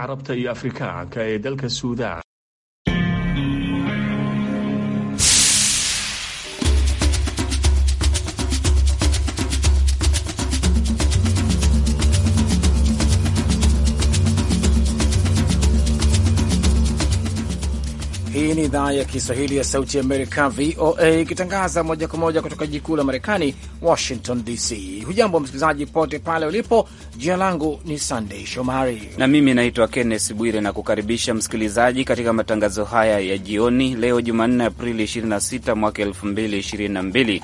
carabta iyo afrikaanka ee dalka suudaan ni idhaa ya Kiswahili ya Sauti ya Amerika, VOA, ikitangaza moja kwa moja kutoka jiji kuu la Marekani, Washington DC. Hujambo msikilizaji pote pale ulipo. Jina langu ni Sandey Shomari na mimi naitwa Kennes Bwire na kukaribisha msikilizaji katika matangazo haya ya jioni leo Jumanne, Aprili 26 mwaka 2022.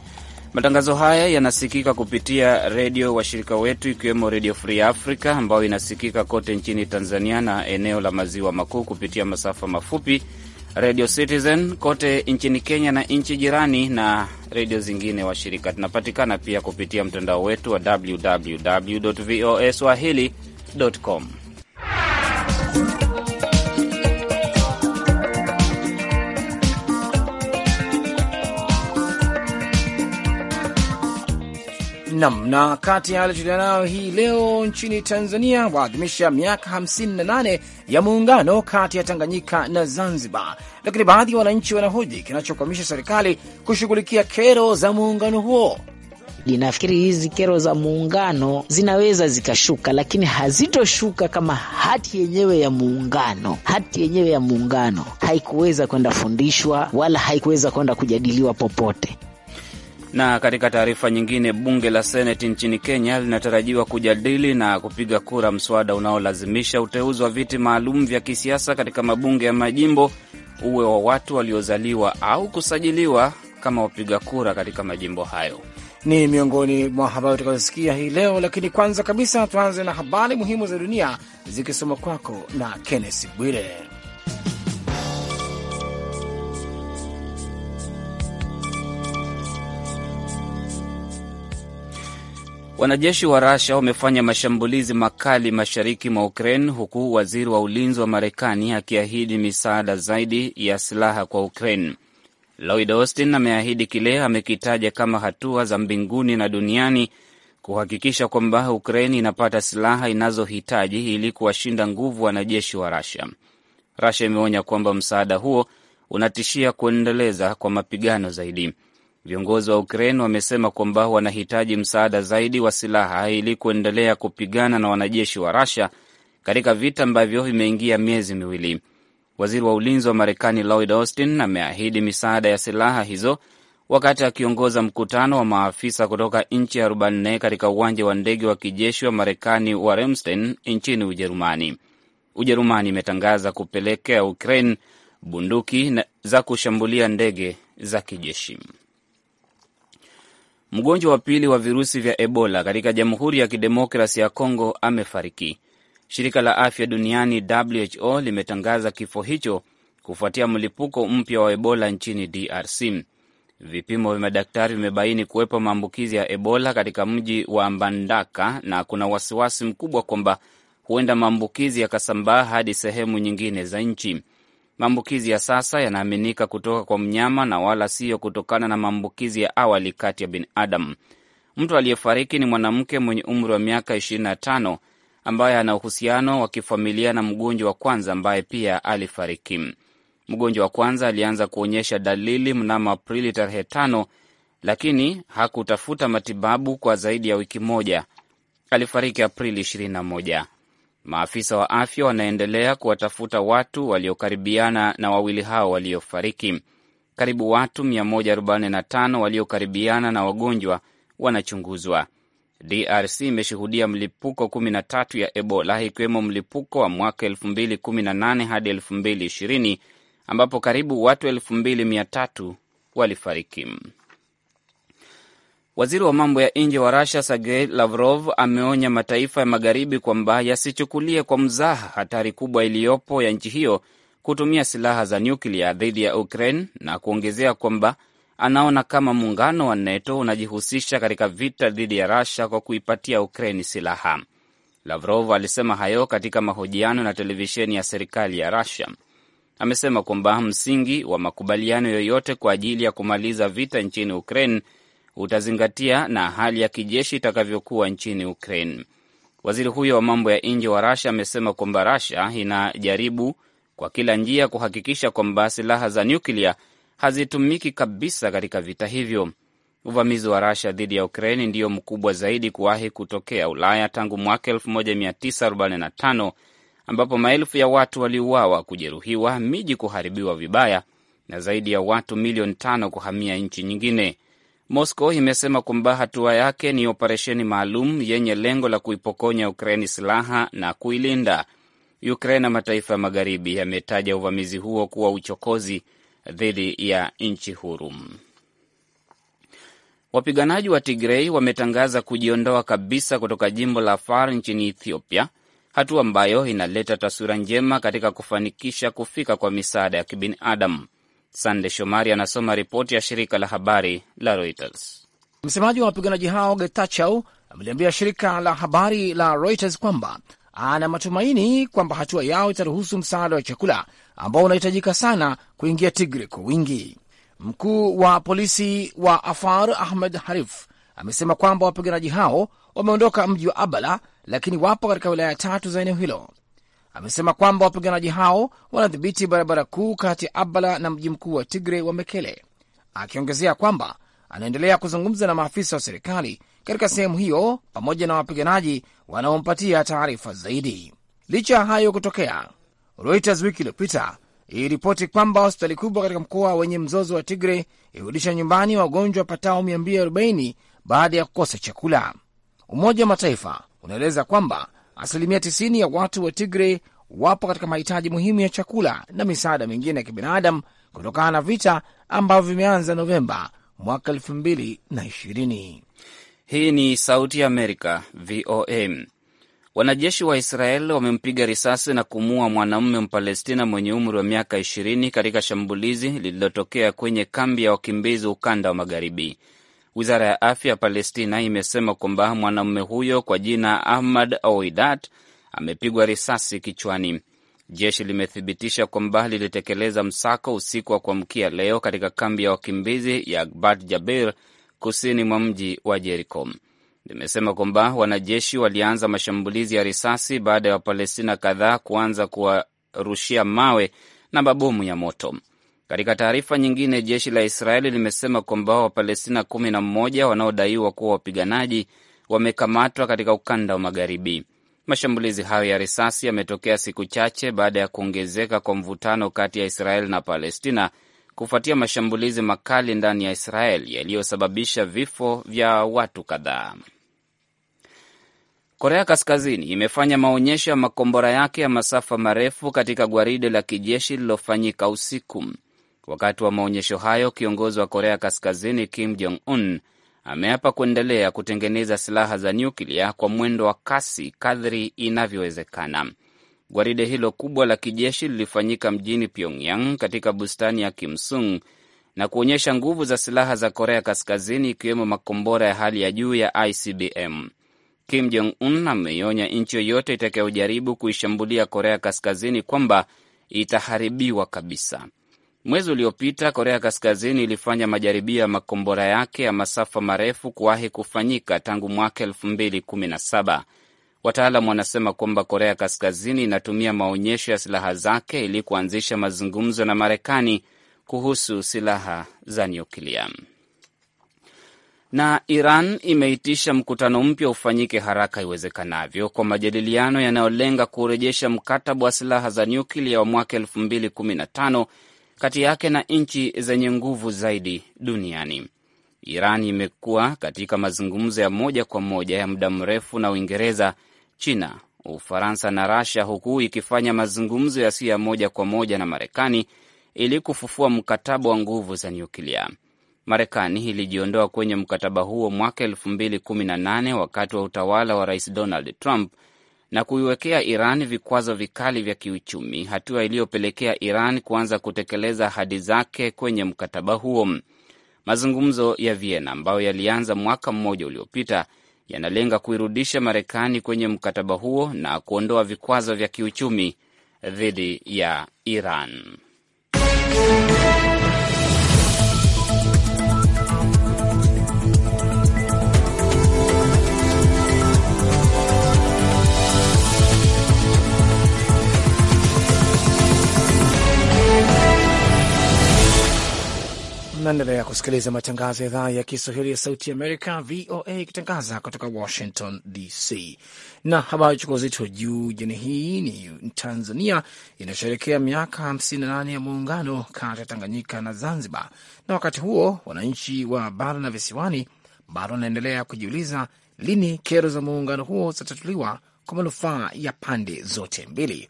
Matangazo haya yanasikika kupitia redio washirika wetu ikiwemo Redio Free Africa ambayo inasikika kote nchini Tanzania na eneo la maziwa makuu kupitia masafa mafupi Radio Citizen kote nchini Kenya na nchi jirani na redio zingine washirika. Tunapatikana pia kupitia mtandao wetu wa www voa swahili com Nam na kati ya yale tulionayo hii leo, nchini Tanzania waadhimisha miaka 58 ya muungano kati ya Tanganyika na Zanzibar, lakini baadhi ya wananchi wanahoji kinachokwamisha serikali kushughulikia kero za muungano huo. Nafikiri hizi kero za muungano zinaweza zikashuka, lakini hazitoshuka kama hati yenyewe ya muungano, hati yenyewe ya muungano haikuweza kwenda fundishwa wala haikuweza kwenda kujadiliwa popote. Na katika taarifa nyingine, bunge la Seneti nchini Kenya linatarajiwa kujadili na kupiga kura mswada unaolazimisha uteuzi wa viti maalum vya kisiasa katika mabunge ya majimbo uwe wa watu waliozaliwa au kusajiliwa kama wapiga kura katika majimbo hayo. Ni miongoni mwa habari utakazosikia hii leo, lakini kwanza kabisa tuanze na habari muhimu za dunia zikisoma kwako na Kenneth Bwire. Wanajeshi wa rasha wamefanya mashambulizi makali mashariki mwa Ukraine, huku waziri wa ulinzi wa Marekani akiahidi misaada zaidi ya silaha kwa Ukraine. Lloyd Austin ameahidi kile amekitaja kama hatua za mbinguni na duniani kuhakikisha kwamba Ukraine inapata silaha inazohitaji ili kuwashinda nguvu wanajeshi wa Russia. rusia imeonya kwamba msaada huo unatishia kuendeleza kwa mapigano zaidi. Viongozi wa Ukraine wamesema kwamba wanahitaji msaada zaidi wa silaha ili kuendelea kupigana na wanajeshi wa Russia katika vita ambavyo vimeingia miezi miwili. Waziri wa ulinzi wa Marekani Lloyd Austin ameahidi misaada ya silaha hizo wakati akiongoza mkutano wa maafisa kutoka nchi 44 katika uwanja wa ndege wa kijeshi wa Marekani wa Ramstein nchini Ujerumani. Ujerumani imetangaza kupelekea Ukraine bunduki za kushambulia ndege za kijeshi. Mgonjwa wa pili wa virusi vya Ebola katika Jamhuri ya Kidemokrasi ya Kongo amefariki. Shirika la Afya Duniani WHO limetangaza kifo hicho kufuatia mlipuko mpya wa Ebola nchini DRC. Vipimo vya madaktari vimebaini kuwepo maambukizi ya Ebola katika mji wa Mbandaka na kuna wasiwasi mkubwa kwamba huenda maambukizi yakasambaa hadi sehemu nyingine za nchi. Maambukizi ya sasa yanaaminika kutoka kwa mnyama na wala siyo kutokana na maambukizi ya awali kati ya binadamu. Mtu aliyefariki ni mwanamke mwenye umri wa miaka 25 ambaye ana uhusiano wa kifamilia na mgonjwa wa kwanza ambaye pia alifariki. Mgonjwa wa kwanza alianza kuonyesha dalili mnamo Aprili tarehe tano, lakini hakutafuta matibabu kwa zaidi ya wiki moja. Alifariki Aprili Maafisa wa afya wanaendelea kuwatafuta watu waliokaribiana na wawili hao waliofariki. Karibu watu 145 waliokaribiana na wagonjwa wanachunguzwa. DRC imeshuhudia mlipuko 13 ya Ebola, ikiwemo mlipuko wa mwaka 2018 hadi 2020 ambapo karibu watu 2300 walifariki. Waziri wa mambo ya nje wa rasia Sergei Lavrov ameonya mataifa ya magharibi kwamba yasichukulie kwa mzaha hatari kubwa iliyopo ya nchi hiyo kutumia silaha za nyuklia dhidi ya Ukraine na kuongezea kwamba anaona kama muungano wa NATO unajihusisha katika vita dhidi ya rasia kwa kuipatia ukrain silaha. Lavrov alisema hayo katika mahojiano na televisheni ya serikali ya rasia Amesema kwamba msingi wa makubaliano yoyote kwa ajili ya kumaliza vita nchini Ukraine utazingatia na hali ya kijeshi itakavyokuwa nchini Ukraine. Waziri huyo wa mambo ya nje wa rasha amesema kwamba rasha inajaribu kwa kila njia kuhakikisha kwamba silaha za nyuklia hazitumiki kabisa katika vita hivyo. Uvamizi wa rasha dhidi ya Ukraine ndiyo mkubwa zaidi kuwahi kutokea Ulaya tangu mwaka 1945 ambapo maelfu ya watu waliuawa, kujeruhiwa, miji kuharibiwa vibaya na zaidi ya watu milioni tano kuhamia nchi nyingine. Moscow imesema kwamba hatua yake ni operesheni maalum yenye lengo la kuipokonya Ukraini silaha na kuilinda Ukraine. Na mataifa ya magharibi yametaja uvamizi huo kuwa uchokozi dhidi ya nchi huru. Wapiganaji wa Tigrei wametangaza kujiondoa kabisa kutoka jimbo la Afar nchini Ethiopia, hatua ambayo inaleta taswira njema katika kufanikisha kufika kwa misaada ya kibinadamu. Sande Shomari anasoma ripoti ya shirika la habari la Reuters. Msemaji wa wapiganaji hao Getachew ameliambia shirika la habari la Reuters kwamba ana matumaini kwamba hatua yao itaruhusu msaada wa chakula ambao unahitajika sana kuingia Tigre kwa wingi. Mkuu wa polisi wa Afar Ahmed Harif amesema kwamba wapiganaji hao wameondoka mji wa Abala, lakini wapo katika wilaya tatu za eneo hilo amesema kwamba wapiganaji hao wanadhibiti barabara kuu kati ya Abala na mji mkuu wa Tigre wa Mekele, akiongezea kwamba anaendelea kuzungumza na maafisa wa serikali katika sehemu hiyo pamoja na wapiganaji wanaompatia taarifa zaidi. Licha ya hayo kutokea, Reuters wiki iliyopita iliripoti kwamba hospitali kubwa katika mkoa wenye mzozo wa Tigre ilirudisha nyumbani wagonjwa wapatao 240 baada ya kukosa chakula. Umoja wa Mataifa unaeleza kwamba Asilimia 90 ya watu wa Tigre wapo katika mahitaji muhimu ya chakula na misaada mingine ya kibinadamu kutokana na vita ambavyo vimeanza Novemba mwaka 2020. Hii ni Sauti ya Amerika, VOA. Wanajeshi wa Israel wamempiga risasi na kumua mwanamume Mpalestina mwenye umri wa miaka 20 katika shambulizi lililotokea kwenye kambi ya wakimbizi ukanda wa Magharibi. Wizara ya afya ya Palestina imesema kwamba mwanamume huyo kwa jina Ahmad oidat amepigwa risasi kichwani. Jeshi limethibitisha kwamba lilitekeleza msako usiku wa kuamkia leo katika kambi ya wakimbizi ya Akbat Jabir kusini mwa mji wa Jeriko. Limesema kwamba wanajeshi walianza mashambulizi ya risasi baada ya Wapalestina kadhaa kuanza kuwarushia mawe na mabomu ya moto. Katika taarifa nyingine, jeshi la Israeli limesema kwamba Wapalestina kumi na mmoja wanaodaiwa kuwa wapiganaji wamekamatwa katika ukanda wa magharibi. Mashambulizi hayo ya risasi yametokea siku chache baada ya kuongezeka kwa mvutano kati ya Israeli na Palestina kufuatia mashambulizi makali ndani ya Israeli yaliyosababisha vifo vya watu kadhaa. Korea Kaskazini imefanya maonyesho ya makombora yake ya masafa marefu katika gwaride la kijeshi lililofanyika usiku. Wakati wa maonyesho hayo, kiongozi wa Korea Kaskazini Kim Jong Un ameapa kuendelea kutengeneza silaha za nyuklia kwa mwendo wa kasi kadri inavyowezekana. Gwaride hilo kubwa la kijeshi lilifanyika mjini Pyongyang katika bustani ya Kimsung na kuonyesha nguvu za silaha za Korea Kaskazini, ikiwemo makombora ya hali ya juu ya ICBM. Kim Jong Un ameionya nchi yoyote itakayojaribu kuishambulia Korea Kaskazini kwamba itaharibiwa kabisa. Mwezi uliopita Korea Kaskazini ilifanya majaribio ya makombora yake ya masafa marefu kuwahi kufanyika tangu mwaka elfu mbili kumi na saba. wanasema kwamba Korea Kaskazini inatumia maonyesho ya silaha zake ili kuanzisha mazungumzo na Marekani kuhusu silaha za nyuklia. Na Iran imeitisha mkutano mpya ufanyike haraka iwezekanavyo kwa majadiliano yanayolenga kurejesha mkataba wa silaha za nyuklia wa mwaka elfu mbili kumi na tano kati yake na nchi zenye nguvu zaidi duniani. Iran imekuwa katika mazungumzo ya moja kwa moja ya muda mrefu na Uingereza, China, Ufaransa na rasia huku ikifanya mazungumzo yasiyo ya moja kwa moja na Marekani ili kufufua mkataba wa nguvu za nyuklia. Marekani ilijiondoa kwenye mkataba huo mwaka 2018 wakati wa utawala wa Rais Donald Trump na kuiwekea Iran vikwazo vikali vya kiuchumi, hatua iliyopelekea Iran kuanza kutekeleza ahadi zake kwenye mkataba huo. Mazungumzo ya Vienna ambayo yalianza mwaka mmoja uliopita yanalenga kuirudisha Marekani kwenye mkataba huo na kuondoa vikwazo vya kiuchumi dhidi ya Iran. Naendelea kusikiliza matangazo ya idhaa ya Kiswahili ya Sauti Amerika, VOA, ikitangaza kutoka Washington DC. Na habari chukua uzito wa juu jeni hii ni Tanzania inasherekea miaka 58 ya muungano kati ya Tanganyika na Zanzibar, na wakati huo wananchi wa bara na visiwani bado wanaendelea kujiuliza lini kero za muungano huo zitatatuliwa kwa manufaa ya pande zote mbili.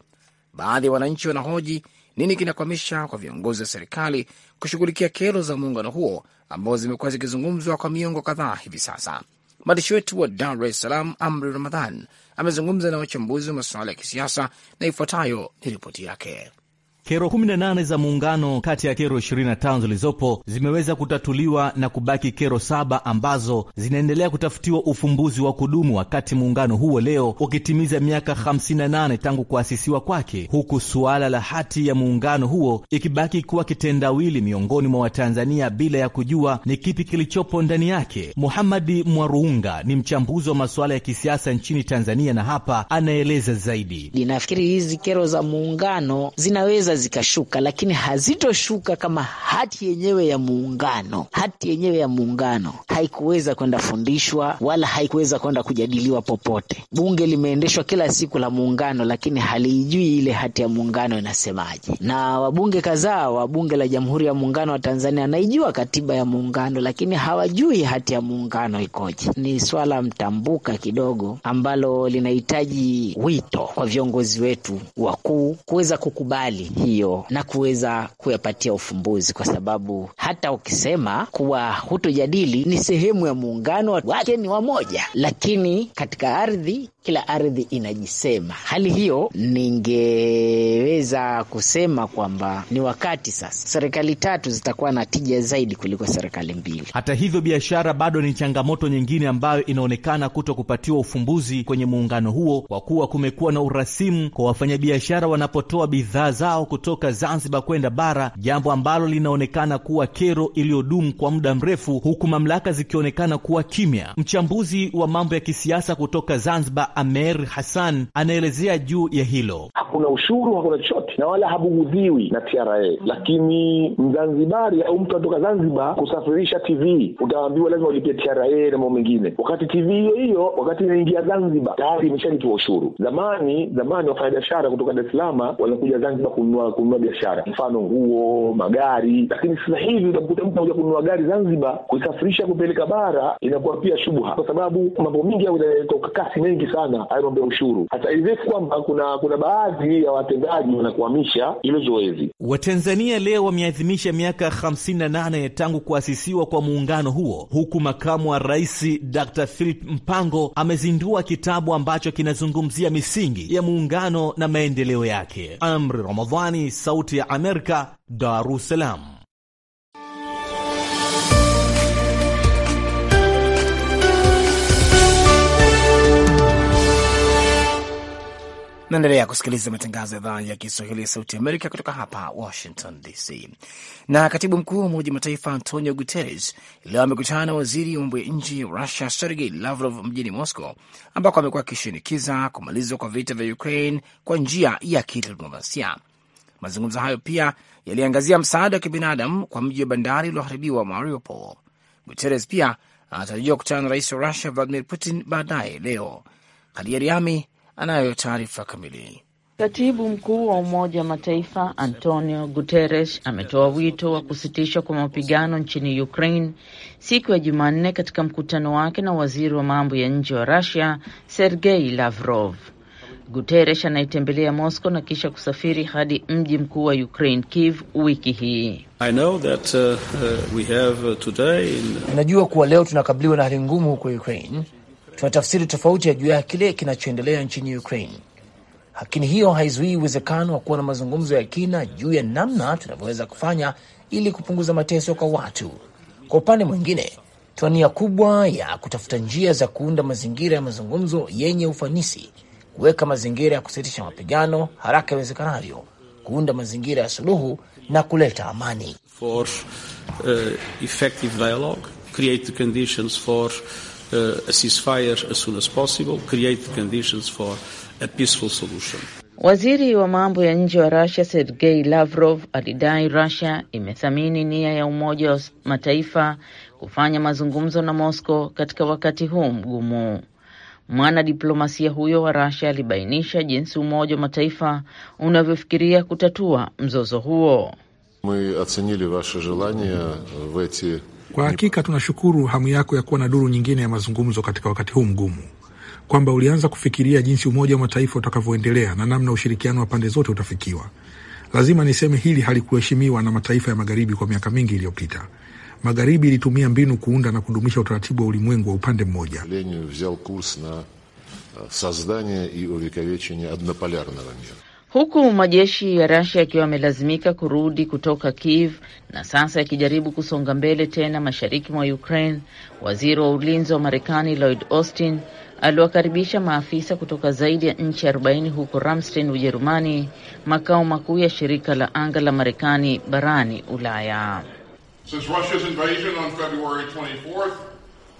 Baadhi ya wananchi wanahoji nini kinakwamisha kwa viongozi wa serikali kushughulikia kero za muungano huo ambao zimekuwa zikizungumzwa kwa miongo kadhaa hivi sasa? Mwandishi wetu wa Dar es Salaam, Amri Ramadhan, amezungumza na wachambuzi wa masuala ya kisiasa na ifuatayo ni ripoti yake. Kero 18 za muungano kati ya kero 25 zilizopo zimeweza kutatuliwa na kubaki kero saba ambazo zinaendelea kutafutiwa ufumbuzi wa kudumu, wakati muungano huo leo ukitimiza miaka 58 tangu kuasisiwa kwake, huku suala la hati ya muungano huo ikibaki kuwa kitendawili miongoni mwa Watanzania bila ya kujua ni kipi kilichopo ndani yake. Muhamadi Mwaruunga ni mchambuzi wa masuala ya kisiasa nchini Tanzania na hapa anaeleza zaidi. Ninafikiri hizi kero za muungano zinaweza zinaweza zikashuka, lakini hazitoshuka kama hati yenyewe ya muungano. Hati yenyewe ya muungano haikuweza kwenda fundishwa wala haikuweza kwenda kujadiliwa popote. Bunge limeendeshwa kila siku la muungano, lakini haliijui ile hati ya muungano inasemaje, na wabunge kadhaa wa bunge la Jamhuri ya Muungano wa Tanzania anaijua katiba ya muungano, lakini hawajui hati ya muungano ikoje. Ni swala mtambuka kidogo ambalo linahitaji wito kwa viongozi wetu wakuu kuweza kukubali hiyo na kuweza kuyapatia ufumbuzi, kwa sababu hata ukisema kuwa hutojadili, ni sehemu ya muungano wake, ni wamoja, lakini katika ardhi kila ardhi inajisema. Hali hiyo, ningeweza kusema kwamba ni wakati sasa serikali tatu zitakuwa na tija zaidi kuliko serikali mbili. Hata hivyo, biashara bado ni changamoto nyingine ambayo inaonekana kuto kupatiwa ufumbuzi kwenye muungano huo, kwa kuwa kumekuwa na urasimu kwa wafanyabiashara wanapotoa bidhaa zao kutoka Zanzibar kwenda bara, jambo ambalo linaonekana kuwa kero iliyodumu kwa muda mrefu, huku mamlaka zikionekana kuwa kimya. Mchambuzi wa mambo ya kisiasa kutoka Zanzibar Amer Hassan anaelezea juu ya hilo. Hakuna ushuru, hakuna chochote na wala habughudhiwi na TRA, lakini Mzanzibari au mtu anatoka Zanzibar kusafirisha TV utaambiwa lazima ulipie TRA na mambo mengine, wakati TV hiyo hiyo wakati inaingia Zanzibar tayari imeshalipiwa ushuru. Zamani zamani wafanyabiashara kutoka Dar es Salaam wanakuja Zanzibar kununua kununua biashara, mfano nguo, magari, lakini sasa hivi utakuta mtu anakuja kununua gari Zanzibar, kuisafirisha kupeleka bara inakuwa pia shubha, kwa sababu mambo mingi inaleta kasi mengi sana sana airombe ushuru. Hata ilivyofu kwamba kuna kuna baadhi ya watendaji wanakuhamisha hilo zoezi. Watanzania leo wameadhimisha miaka 58 tangu kuasisiwa kwa muungano huo, huku makamu wa rais Dr. Philip Mpango amezindua kitabu ambacho kinazungumzia misingi ya muungano na maendeleo yake. Amri Ramadhani, Sauti ya Amerika, Dar es Salaam. Naendelea kusikiliza matangazo ya idhaa ya Kiswahili ya Sauti Amerika kutoka hapa Washington DC. Na katibu mkuu wa Umoja Mataifa Antonio Guterres leo amekutana na waziri wa mambo ya nje wa Rusia Sergei Lavrov mjini Moscow, ambako amekuwa akishinikiza kumalizwa kwa vita vya Ukraine kwa njia ya kidiplomasia. Mazungumzo hayo pia yaliangazia msaada wa kibinadamu kwa mji wa bandari ulioharibiwa Mariupol. Guterres pia anatarajiwa kukutana na rais wa Rusia Vladimir Putin baadaye leo. Kadiariami anayo taarifa kamili. Katibu mkuu wa Umoja wa Mataifa Antonio Guterres ametoa wito wa kusitishwa kwa mapigano nchini Ukraine siku ya Jumanne katika mkutano wake na waziri wa mambo ya nje wa rusia Sergei Lavrov. Guterres anaitembelea Moscow na kisha kusafiri hadi mji mkuu wa Ukraine Kiev wiki hii. Najua uh, uh, uh today... najua kuwa leo tunakabiliwa na hali ngumu huko Ukraine Tuna tafsiri tofauti ya juu ya kile kinachoendelea nchini Ukraine, lakini hiyo haizuii uwezekano wa kuwa na mazungumzo ya kina juu ya namna tunavyoweza kufanya ili kupunguza mateso kwa watu. Kwa upande mwingine, tuna nia kubwa ya kutafuta njia za kuunda mazingira ya mazungumzo yenye ufanisi, kuweka mazingira ya kusitisha mapigano haraka iwezekanavyo, kuunda mazingira ya suluhu na kuleta amani for, uh, a ceasefire as soon as possible, create the conditions for a peaceful solution. Waziri wa mambo ya nje wa Russia Sergei Lavrov alidai Russia imethamini nia ya Umoja wa Mataifa kufanya mazungumzo na Moscow katika wakati huu mgumu. Mwanadiplomasia huyo wa Russia alibainisha jinsi Umoja wa Mataifa unavyofikiria kutatua mzozo huo. My ocenili vashe jelanie v eti kwa hakika tunashukuru hamu yako ya kuwa na duru nyingine ya mazungumzo katika wakati huu mgumu, kwamba ulianza kufikiria jinsi Umoja wa Mataifa utakavyoendelea na namna ushirikiano wa pande zote utafikiwa. Lazima niseme hili halikuheshimiwa na mataifa ya Magharibi kwa miaka mingi iliyopita. Magharibi ilitumia mbinu kuunda na kudumisha utaratibu wa ulimwengu wa upande mmoja. Lenin взял курс на создание и увековечение huku majeshi ya Rasia yakiwa yamelazimika kurudi kutoka Kiev na sasa yakijaribu kusonga mbele tena mashariki mwa Ukraine. Waziri wa ulinzi wa Marekani Lloyd Austin aliwakaribisha maafisa kutoka zaidi ya nchi 40 huko Ramstein, Ujerumani, makao makuu ya shirika la anga la Marekani barani Ulaya. Since Russia's invasion on February 24th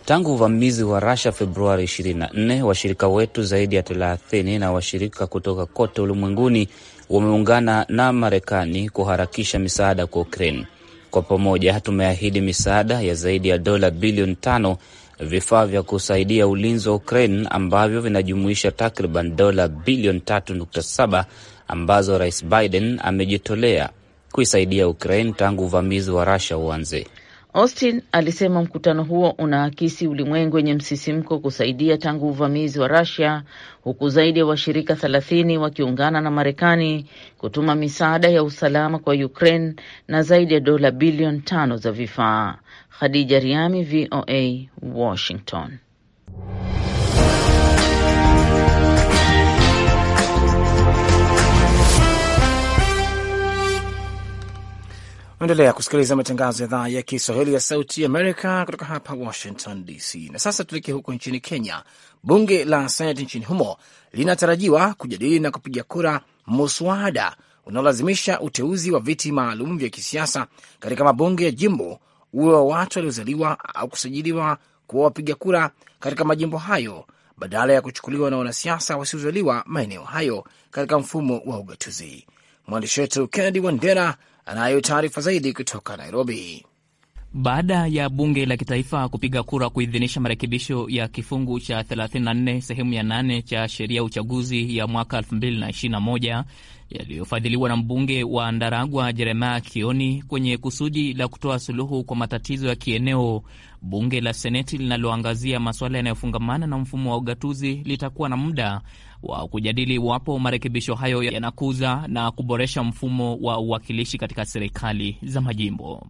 Tangu uvamizi wa rasha Februari 24, washirika wetu zaidi ya 30 na washirika kutoka kote ulimwenguni wameungana na Marekani kuharakisha misaada kwa Ukraine. Kwa pamoja tumeahidi misaada ya zaidi ya dola bilioni tano, vifaa vya kusaidia ulinzi wa Ukraine ambavyo vinajumuisha takriban dola bilioni 3.7 ambazo Rais Biden amejitolea kuisaidia Ukraine tangu uvamizi wa rasha uanze. Austin alisema mkutano huo unaakisi ulimwengu wenye msisimko kusaidia tangu uvamizi wa rasia huku zaidi ya washirika 30 wakiungana na Marekani kutuma misaada ya usalama kwa Ukraine na zaidi ya dola bilioni tano za vifaa. Khadija Riami, VOA, Washington. Endelea kusikiliza matangazo ya idhaa ya Kiswahili ya Sauti Amerika kutoka hapa Washington DC. Na sasa tuelekee huko nchini Kenya. Bunge la Senati nchini humo linatarajiwa kujadili na kupiga kura muswada unaolazimisha uteuzi wa viti maalum vya kisiasa katika mabunge ya jimbo uwe wa watu waliozaliwa au kusajiliwa kuwa wapiga kura katika majimbo hayo badala ya kuchukuliwa na wanasiasa wasiozaliwa maeneo hayo katika mfumo wa ugatuzi. Mwandishi wetu Kennedy Wandera Anayo taarifa zaidi kutoka Nairobi. Baada ya bunge la kitaifa kupiga kura kuidhinisha marekebisho ya kifungu cha 34 sehemu ya 8 cha sheria ya uchaguzi ya mwaka 2021 yaliyofadhiliwa na mbunge wa Ndaragwa Jeremiah Kioni kwenye kusudi la kutoa suluhu kwa matatizo ya kieneo, bunge la Seneti linaloangazia masuala yanayofungamana na mfumo wa ugatuzi litakuwa na muda wa kujadili iwapo marekebisho hayo yanakuza na kuboresha mfumo wa uwakilishi katika serikali za majimbo.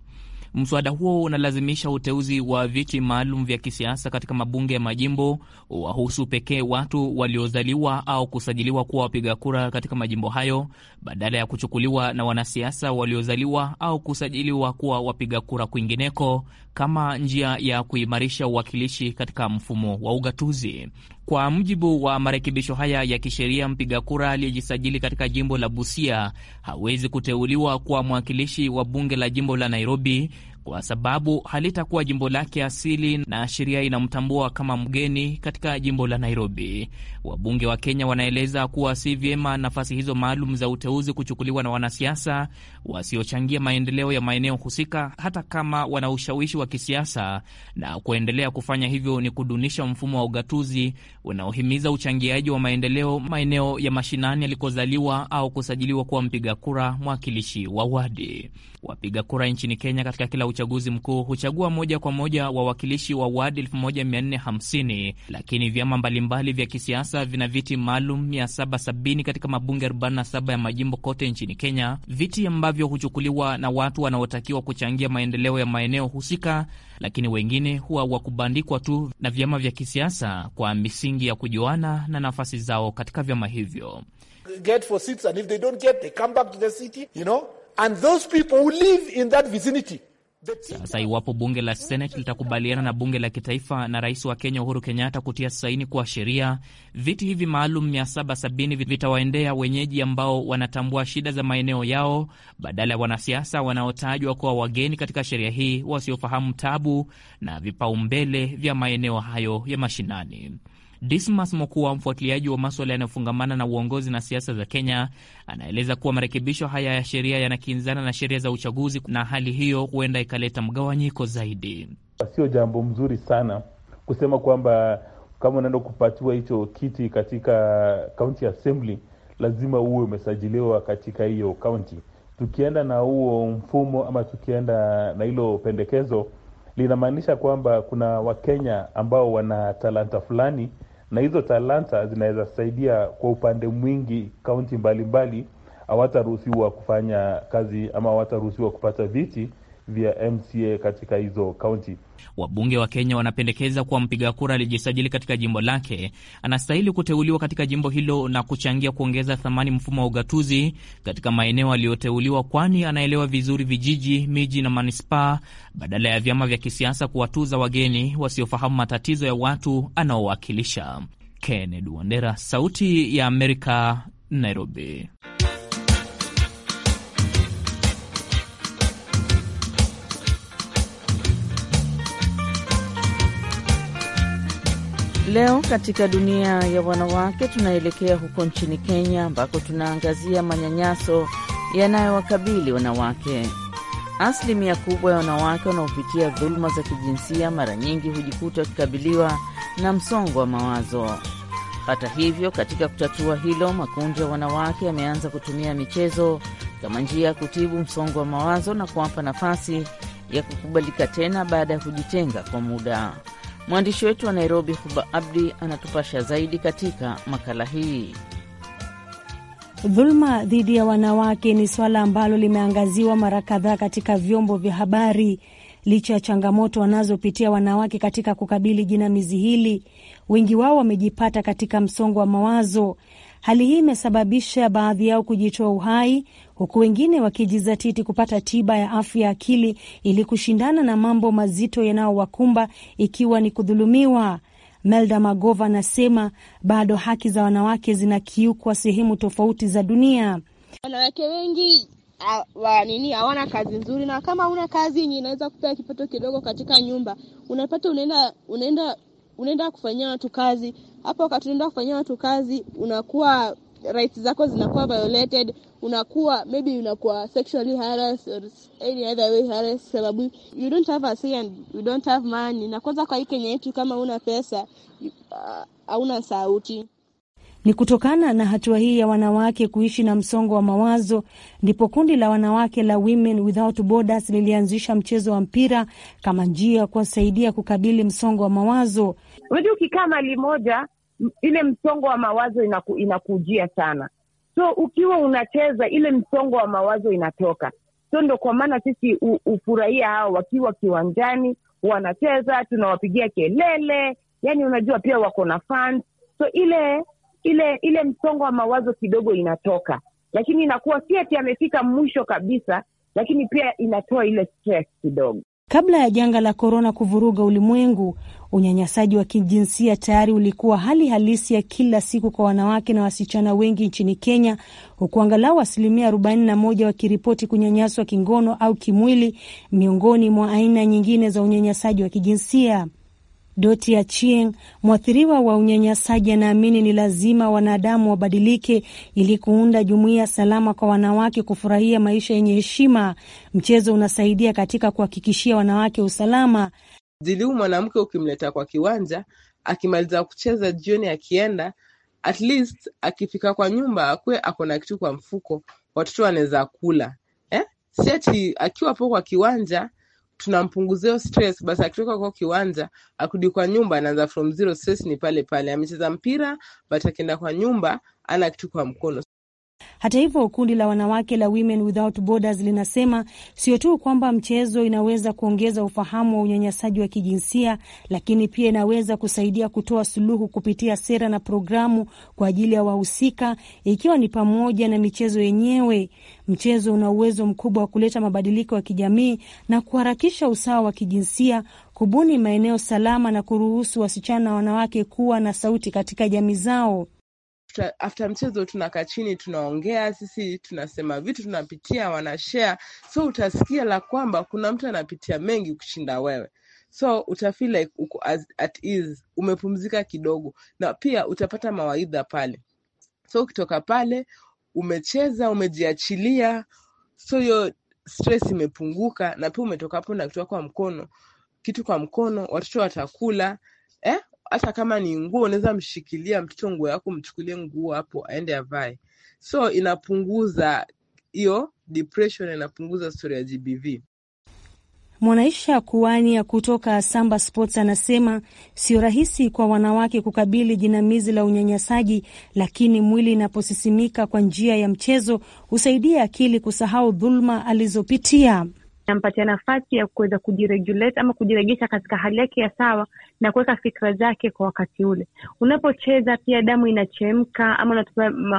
Mswada huo unalazimisha uteuzi wa viti maalum vya kisiasa katika mabunge ya majimbo wahusu pekee watu waliozaliwa au kusajiliwa kuwa wapiga kura katika majimbo hayo badala ya kuchukuliwa na wanasiasa waliozaliwa au kusajiliwa kuwa wapiga kura kwingineko kama njia ya kuimarisha uwakilishi katika mfumo wa ugatuzi. Kwa mujibu wa marekebisho haya ya kisheria, mpiga kura aliyejisajili katika jimbo la Busia hawezi kuteuliwa kuwa mwakilishi wa bunge la jimbo la Nairobi kwa sababu halitakuwa jimbo lake asili na sheria inamtambua kama mgeni katika jimbo la Nairobi. Wabunge wa Kenya wanaeleza kuwa si vyema nafasi hizo maalum za uteuzi kuchukuliwa na wanasiasa wasiochangia maendeleo ya maeneo husika, hata kama wana ushawishi wa kisiasa, na kuendelea kufanya hivyo ni kudunisha mfumo wa ugatuzi unaohimiza uchangiaji wa maendeleo maeneo ya mashinani alikozaliwa au kusajiliwa kuwa mpiga kura mwakilishi wa wadi. Wapiga kura nchini Kenya katika kila uchaguzi mkuu huchagua moja kwa moja wawakilishi wa wadi 1450 lakini vyama mbalimbali vya kisiasa vina viti maalum 770 katika mabunge 47 ya majimbo kote nchini Kenya, viti ambavyo huchukuliwa na watu wanaotakiwa kuchangia maendeleo ya maeneo husika, lakini wengine huwa wakubandikwa tu na vyama vya kisiasa kwa misingi ya kujuana na nafasi zao katika vyama hivyo. Sasa iwapo bunge la senet litakubaliana na bunge la kitaifa na rais wa Kenya Uhuru Kenyatta kutia saini kuwa sheria, viti hivi maalum 770 vitawaendea wenyeji ambao wanatambua shida za maeneo yao, badala ya wanasiasa wanaotajwa kuwa wageni katika sheria hii, wasiofahamu tabu na vipaumbele vya maeneo hayo ya mashinani. Dismas Mokua, mfuatiliaji wa maswala yanayofungamana na uongozi na siasa za Kenya, anaeleza kuwa marekebisho haya ya sheria yanakinzana na sheria za uchaguzi na hali hiyo huenda ikaleta mgawanyiko zaidi. Sio jambo mzuri sana kusema kwamba kama unaenda kupatiwa hicho kiti katika county assembly lazima uwe umesajiliwa katika hiyo kaunti. Tukienda na huo mfumo ama tukienda na hilo pendekezo linamaanisha kwamba kuna Wakenya ambao wana talanta fulani na hizo talanta zinaweza saidia kwa upande mwingi. Kaunti mbalimbali hawataruhusiwa kufanya kazi ama hawataruhusiwa kupata viti vya MCA katika hizo kaunti. Wabunge wa Kenya wanapendekeza kuwa mpiga kura alijisajili katika jimbo lake anastahili kuteuliwa katika jimbo hilo na kuchangia kuongeza thamani mfumo wa ugatuzi katika maeneo aliyoteuliwa, kwani anaelewa vizuri vijiji, miji na manispaa, badala ya vyama vya kisiasa kuwatuza wageni wasiofahamu matatizo ya watu anaowakilisha. Kennedy Wandera, Sauti ya Amerika, Nairobi. Leo katika dunia ya wanawake tunaelekea huko nchini Kenya ambako tunaangazia manyanyaso yanayowakabili wanawake. Asilimia kubwa ya wanawake wanaopitia dhuluma za kijinsia mara nyingi hujikuta wakikabiliwa na msongo wa mawazo. Hata hivyo, katika kutatua hilo, makundi ya wanawake yameanza kutumia michezo kama njia ya kutibu msongo wa mawazo na kuwapa nafasi ya kukubalika tena baada ya kujitenga kwa muda. Mwandishi wetu wa Nairobi, Huba Abdi, anatupasha zaidi katika makala hii. Dhuluma dhidi ya wanawake ni suala ambalo limeangaziwa mara kadhaa katika vyombo vya habari. Licha ya changamoto wanazopitia wanawake katika kukabili jinamizi hili, wengi wao wamejipata katika msongo wa mawazo Hali hii imesababisha baadhi yao kujitoa uhai, huku wengine wakijizatiti kupata tiba ya afya ya akili ili kushindana na mambo mazito yanayowakumba ikiwa ni kudhulumiwa. Melda Magova anasema bado haki za wanawake zinakiukwa sehemu tofauti za dunia. Wanawake wengi wanini hawana kazi nzuri, na kama una kazi yenye inaweza kupea kipato kidogo katika nyumba, unapata unaenda unaenda unaenda kufanyia watu kazi hapo wakati unaenda kufanyia watu kazi, unakuwa rights zako zinakuwa violated, unakuwa maybe unakuwa sexually harassed or any other way harassed, sababu you don't have a say and you don't have money. Na kwanza kwa hii Kenya yetu, kama una pesa uh, hauna uh, sauti. Ni kutokana na hatua hii ya wanawake kuishi na msongo wa mawazo ndipo kundi la wanawake la Women Without Borders lilianzisha mchezo wa mpira kama njia ya kuwasaidia kukabili msongo wa mawazo. Unajua, ukikaa mali moja ile msongo wa mawazo inaku, inakujia sana. So ukiwa unacheza ile msongo wa mawazo inatoka. So ndo kwa maana sisi hufurahia hao wakiwa kiwanjani wanacheza, tunawapigia kelele, yani unajua pia wako na fans, so ile ile ile msongo wa mawazo kidogo inatoka, lakini inakuwa si ati amefika mwisho kabisa, lakini pia inatoa ile stress kidogo. Kabla ya janga la korona kuvuruga ulimwengu, unyanyasaji wa kijinsia tayari ulikuwa hali halisi ya kila siku kwa wanawake na wasichana wengi nchini Kenya, huku angalau asilimia 41 wakiripoti kunyanyaswa kingono au kimwili, miongoni mwa aina nyingine za unyanyasaji wa kijinsia. Doti Achieng, mwathiriwa wa unyanyasaji, anaamini ni lazima wanadamu wabadilike ili kuunda jumuiya salama kwa wanawake kufurahia maisha yenye heshima. Mchezo unasaidia katika kuhakikishia wanawake usalama. Ziliu mwanamke ukimleta kwa kiwanja, akimaliza kucheza jioni, akienda at least, akifika kwa nyumba akuwe ako na kitu kwa mfuko, watoto wanaweza kula eh? Si ati akiwa po kwa kiwanja tunampunguzia stress. Basi akitoka kwa kiwanja akudi kwa nyumba anaanza from zero, stress ni pale pale. Amecheza mpira but akienda kwa nyumba ana kitu kwa mkono. Hata hivyo, kundi la wanawake la Women Without Borders linasema sio tu kwamba mchezo inaweza kuongeza ufahamu wa unyanyasaji wa kijinsia, lakini pia inaweza kusaidia kutoa suluhu kupitia sera na programu kwa ajili ya wahusika, ikiwa ni pamoja na michezo yenyewe. Mchezo una uwezo mkubwa wa kuleta mabadiliko ya kijamii na kuharakisha usawa wa kijinsia, kubuni maeneo salama na kuruhusu wasichana na wanawake kuwa na sauti katika jamii zao after mchezo tunakaa chini, tunaongea sisi, tunasema vitu tunapitia, wanashare. So utasikia la kwamba kuna mtu anapitia mengi kushinda wewe, so utafil like uko at ease, umepumzika kidogo, na pia utapata mawaidha pale. So ukitoka pale, umecheza, umejiachilia, so hiyo stress imepunguka, na pia umetoka hapo na kitu kwa mkono, kitu kwa mkono, watoto watakula eh, hata kama ni nguo, unaweza mshikilia mtoto nguo yako, mchukulie nguo hapo aende avae. So inapunguza hiyo depression, inapunguza stori ya GBV. Mwanaisha kuania kutoka Samba Sports anasema sio rahisi kwa wanawake kukabili jinamizi la unyanyasaji, lakini mwili inaposisimika kwa njia ya mchezo husaidia akili kusahau dhuluma alizopitia nampatia nafasi ya kuweza kujiregulate ama kujiregesha katika hali yake ya sawa na kuweka fikra zake kwa wakati ule. Unapocheza pia damu inachemka, ama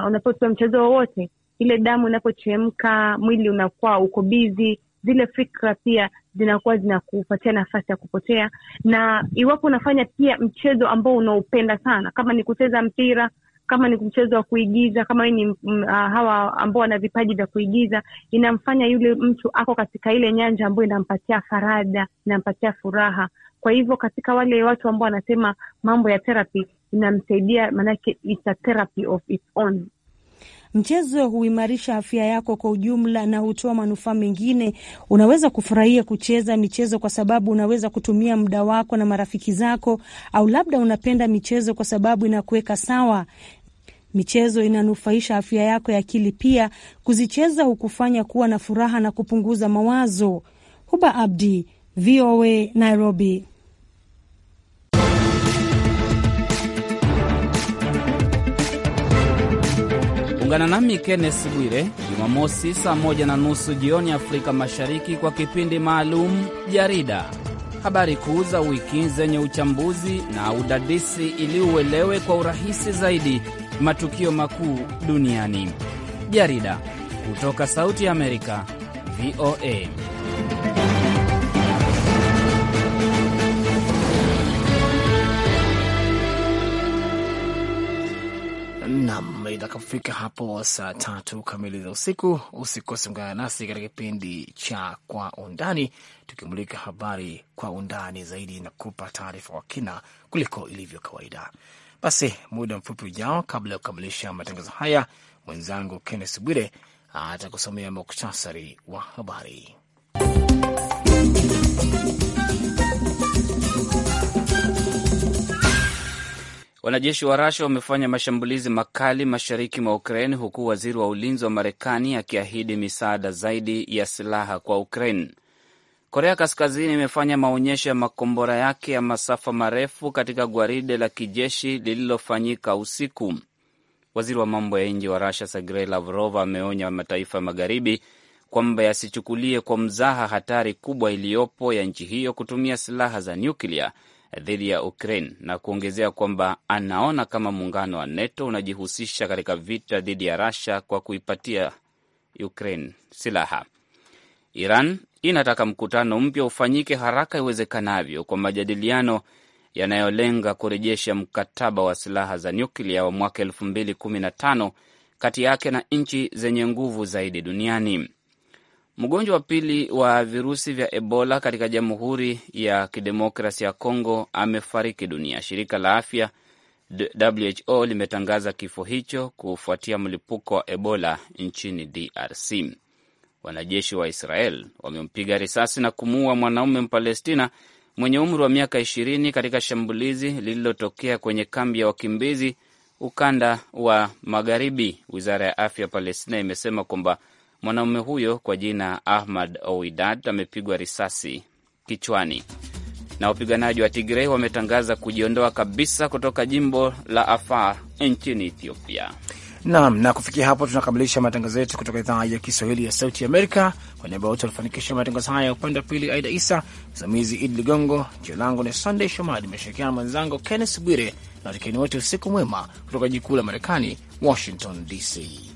unapotua mchezo wowote, ile damu inapochemka, mwili unakuwa uko bizi, zile fikra pia zinakuwa zinakupatia nafasi ya kupotea. Na iwapo unafanya pia mchezo ambao unaupenda sana, kama ni kucheza mpira kama ni mchezo wa kuigiza, kama ni uh, hawa ambao wana vipaji vya kuigiza, inamfanya yule mtu ako katika ile nyanja ambayo inampatia faraja, inampatia furaha. Kwa hivyo katika wale watu ambao wanasema mambo ya therapy inamsaidia, maanake it's a therapy of its own. Mchezo huimarisha afya yako kwa ujumla na hutoa manufaa mengine. Unaweza kufurahia kucheza michezo kwa sababu unaweza kutumia muda wako na marafiki zako, au labda unapenda michezo kwa sababu inakuweka sawa. Michezo inanufaisha afya yako ya akili pia. Kuzicheza hukufanya kuwa na furaha na kupunguza mawazo. Huba Abdi, VOA Nairobi. Ungana nami Kennes Bwire Jumamosi saa moja na nusu jioni Afrika Mashariki kwa kipindi maalum Jarida, habari kuu za wiki zenye uchambuzi na udadisi ili uelewe kwa urahisi zaidi matukio makuu duniani. Jarida kutoka Sauti ya Amerika, VOA. Nam, itakapofika hapo saa tatu kamili za usiku, usikose ungana nasi katika kipindi cha Kwa Undani, tukimulika habari kwa undani zaidi na kupa taarifa kwa kina kuliko ilivyo kawaida. Basi muda mfupi ujao, kabla ya kukamilisha matangazo haya, mwenzangu Kenneth Bwire atakusomea muktasari wa habari. Wanajeshi wa Rasha wamefanya mashambulizi makali mashariki mwa Ukraine, huku waziri wa ulinzi wa Marekani akiahidi misaada zaidi ya silaha kwa Ukraine. Korea Kaskazini imefanya maonyesho ya makombora yake ya masafa marefu katika gwaride la kijeshi lililofanyika usiku. Waziri wa mambo ya nje wa Russia Sergei Lavrov ameonya mataifa ya magharibi kwamba yasichukulie kwa mzaha hatari kubwa iliyopo ya nchi hiyo kutumia silaha za nyuklia dhidi ya Ukraine na kuongezea kwamba anaona kama muungano wa NATO unajihusisha katika vita dhidi ya Russia kwa kuipatia Ukraine silaha. Iran inataka mkutano mpya ufanyike haraka iwezekanavyo kwa majadiliano yanayolenga kurejesha mkataba wa silaha za nyuklia wa mwaka 2015 kati yake na nchi zenye nguvu zaidi duniani. Mgonjwa wa pili wa virusi vya Ebola katika Jamhuri ya Kidemokrasi ya Kongo amefariki dunia. Shirika la afya WHO limetangaza kifo hicho kufuatia mlipuko wa Ebola nchini DRC wanajeshi wa Israel wamempiga risasi na kumuua mwanaume Mpalestina mwenye umri wa miaka ishirini katika shambulizi lililotokea kwenye kambi ya wakimbizi ukanda wa magharibi. Wizara ya afya ya Palestina imesema kwamba mwanaume huyo kwa jina Ahmad oidad amepigwa risasi kichwani. Na wapiganaji wa Tigrei wametangaza kujiondoa kabisa kutoka jimbo la Afar nchini Ethiopia. Naam, na kufikia hapo tunakamilisha matangazo yetu kutoka idhaa ya Kiswahili ya Sauti Amerika. Kwa niaba wote walifanikisha matangazo haya ya upande wa pili, Aida Isa msimamizi, Idi Ligongo. Jina langu ni Sunday Shomari, imeshirikiana mwenzangu Kennes Bwire na watakieni wote usiku mwema kutoka jikuu la Marekani, Washington DC.